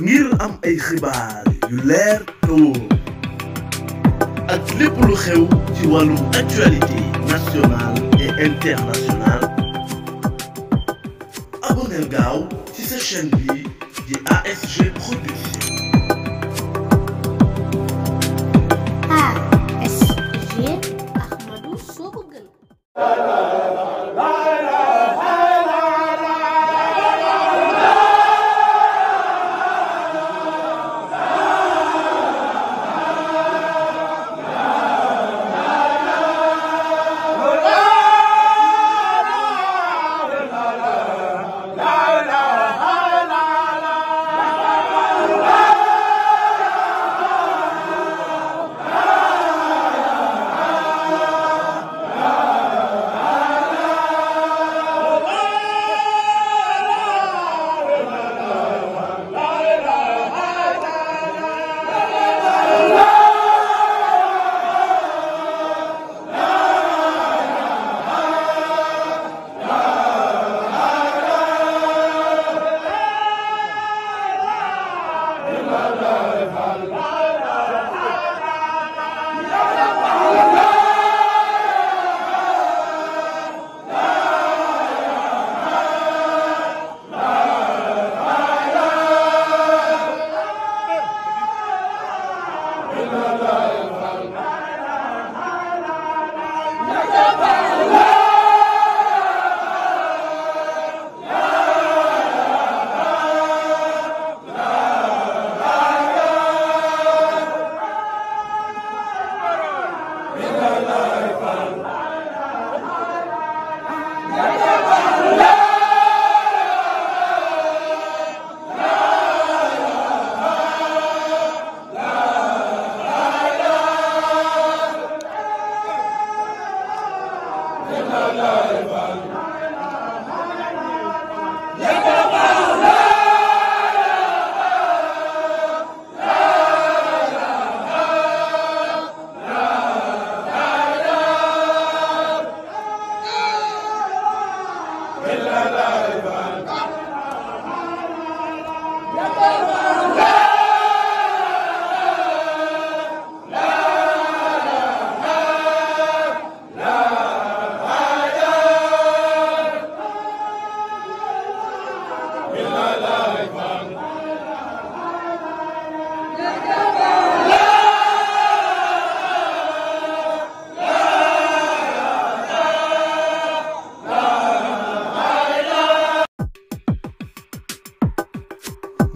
ngir am ay xibaar yu leer te wóor ak lépp lu xew ci actualité nationale et internationale Abonnez-vous ci cette chaîne bi ASG Production ASG Ahmadou Sokogën la la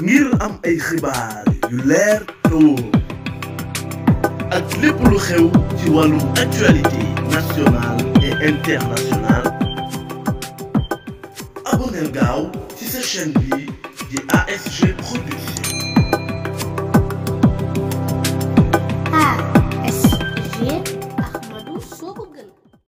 ngir am ay xibaar yu leer te wóor ak lépp lu xew ci wàllum actualité nationale et internationale Abonnez-vous ci cette chaîne de ASG Production